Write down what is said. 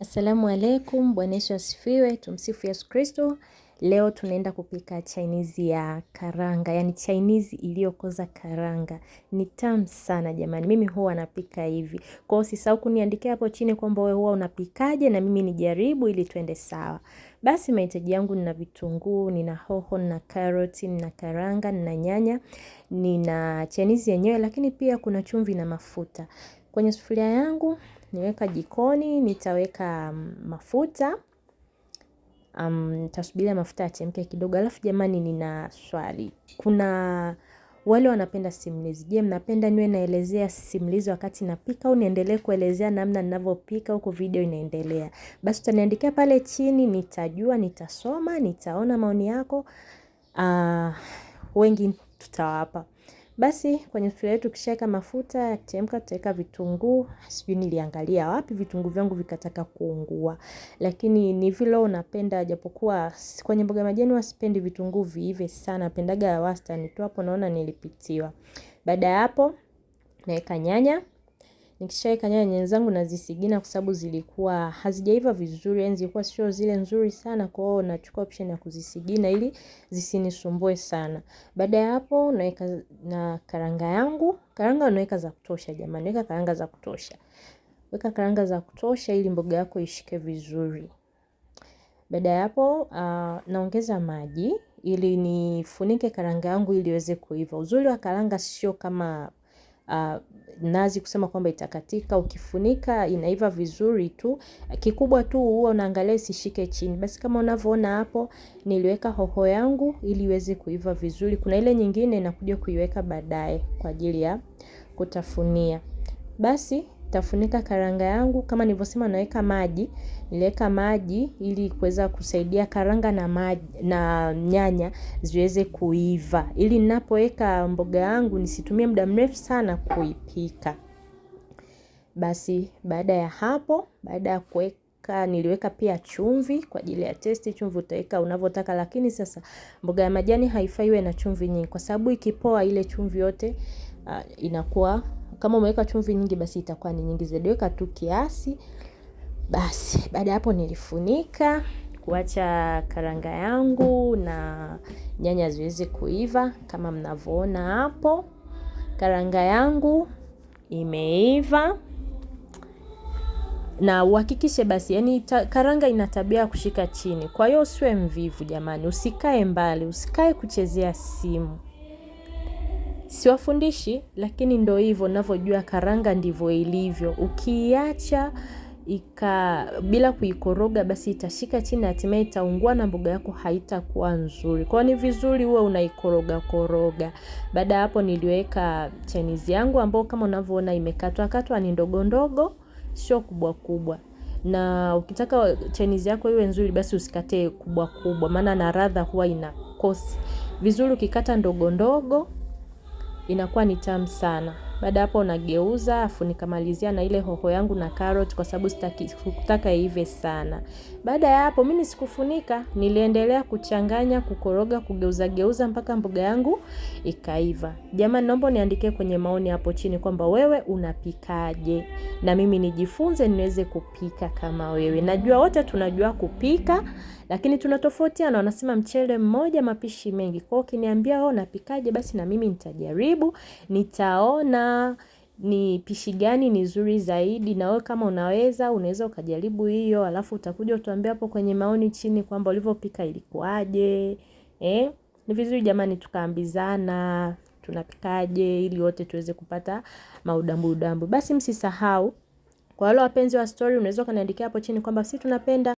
Assalamu alaikum, Bwana Yesu asifiwe, tumsifu Yesu Kristo. Leo tunaenda kupika chainizi ya karanga, yani chainizi iliyokoza karanga. Ni tamu sana jamani, mimi huwa napika hivi. Kwa hiyo usisahau kuniandikia hapo chini kwamba wewe huwa unapikaje, na mimi nijaribu ili tuende sawa. Basi mahitaji yangu, nina vitunguu, nina hoho, nina karoti, nina karanga, nina nyanya, nina chainizi yenyewe, lakini pia kuna chumvi na mafuta. Kwenye sufuria yangu nimeweka jikoni, nitaweka mm, mafuta, mm, nitasubiria mafuta yachemke kidogo. Alafu jamani nina swali. Kuna wale wanapenda simulizi. Je, mnapenda niwe naelezea simulizi wakati napika au niendelee kuelezea namna ninavyopika huku video inaendelea. Basi utaniandikia pale chini, nitajua, nitasoma, nitaona maoni yako, ah, wengi tutawapa. Basi kwenye sufuria yetu kishaeka mafuta yakichemka, tutaweka vitunguu. Sijui niliangalia wapi vitunguu vyangu vikataka kuungua, lakini ni vile unapenda, japokuwa kwenye mboga majani wasipendi vitunguu viive sana, napendaga wastani tu. Hapo naona nilipitiwa. Baada ya hapo naweka nyanya Nikishaweka nyanya nyanya zangu nazisigina kwa sababu zilikuwa hazijaiva vizuri yani zilikuwa sio zile nzuri sana kwa hiyo nachukua option ya kuzisigina ili zisinisumbue sana. Baada ya hapo naweka na karanga yangu, karanga unaweka za kutosha jamani, weka karanga za kutosha. Weka karanga za kutosha ili mboga yako ishike vizuri. Baada ya hapo uh, naongeza maji ili nifunike karanga yangu ili iweze kuiva. Uzuri wa karanga sio kama uh, nazi kusema kwamba itakatika. Ukifunika inaiva vizuri tu, kikubwa tu huwa unaangalia isishike chini. Basi kama unavyoona hapo, niliweka hoho yangu ili iweze kuiva vizuri. Kuna ile nyingine inakuja kuiweka baadaye kwa ajili ya kutafunia. Basi Nitafunika karanga yangu kama nilivyosema naweka maji, niliweka maji ili kuweza kusaidia karanga na maji na nyanya ziweze kuiva. Ili ninapoweka mboga yangu nisitumie muda mrefu sana kuipika. Basi baada ya hapo, baada ya kuweka niliweka pia chumvi kwa ajili ya testi, chumvi utaweka unavyotaka lakini sasa mboga ya majani haifai iwe na chumvi nyingi kwa sababu ikipoa ile chumvi yote uh, inakuwa kama umeweka chumvi nyingi, basi itakuwa ni nyingi zaidi, weka tu kiasi basi. Baada ya hapo, nilifunika kuacha karanga yangu na nyanya ziweze kuiva. Kama mnavyoona hapo, karanga yangu imeiva na uhakikishe basi, yani ta, karanga ina tabia ya kushika chini. Kwa hiyo usiwe mvivu jamani, usikae mbali, usikae kuchezea simu. Siwafundishi, lakini ndo hivyo navyojua, karanga ndivyo ilivyo. Ukiiacha ika bila kuikoroga, basi itashika chini, hatimaye itaungua na mboga yako haitakuwa nzuri. Kwao ni vizuri huwe unaikoroga koroga. Baada ya hapo, niliweka chenizi yangu ambao kama unavyoona imekatwa katwa, ni ndogo ndogo, sio kubwa kubwa na ukitaka chenizi yako iwe nzuri basi usikate kubwa kubwa, maana na radha huwa inakosi vizuri. Ukikata ndogo ndogo inakuwa ni tamu sana. Baada hapo unageuza, afu nikamalizia na ile hoho yangu na carrot kwa sababu sitaki kutaka iive sana. Baada ya hapo mimi sikufunika, niliendelea kuchanganya, kukoroga, kugeuza geuza mpaka mboga yangu ikaiva. Jamani, naomba niandike kwenye maoni hapo chini kwamba wewe unapikaje na mimi nijifunze niweze kupika kama wewe. Najua wote tunajua kupika lakini tunatofautiana, wanasema mchele mmoja mapishi mengi. Kwa hiyo ukiniambia wewe unapikaje, basi na mimi nitajaribu, nitaona kuona ni pishi gani ni zuri zaidi na wewe kama unaweza unaweza ukajaribu hiyo alafu utakuja utuambia hapo kwenye maoni chini kwamba ulivyopika ilikuwaje eh? Ni vizuri jamani tukaambizana tunapikaje ili wote tuweze kupata maudambu udambu. Basi msisahau kwa wale wapenzi wa story unaweza ukaniandikia hapo chini kwamba si tunapenda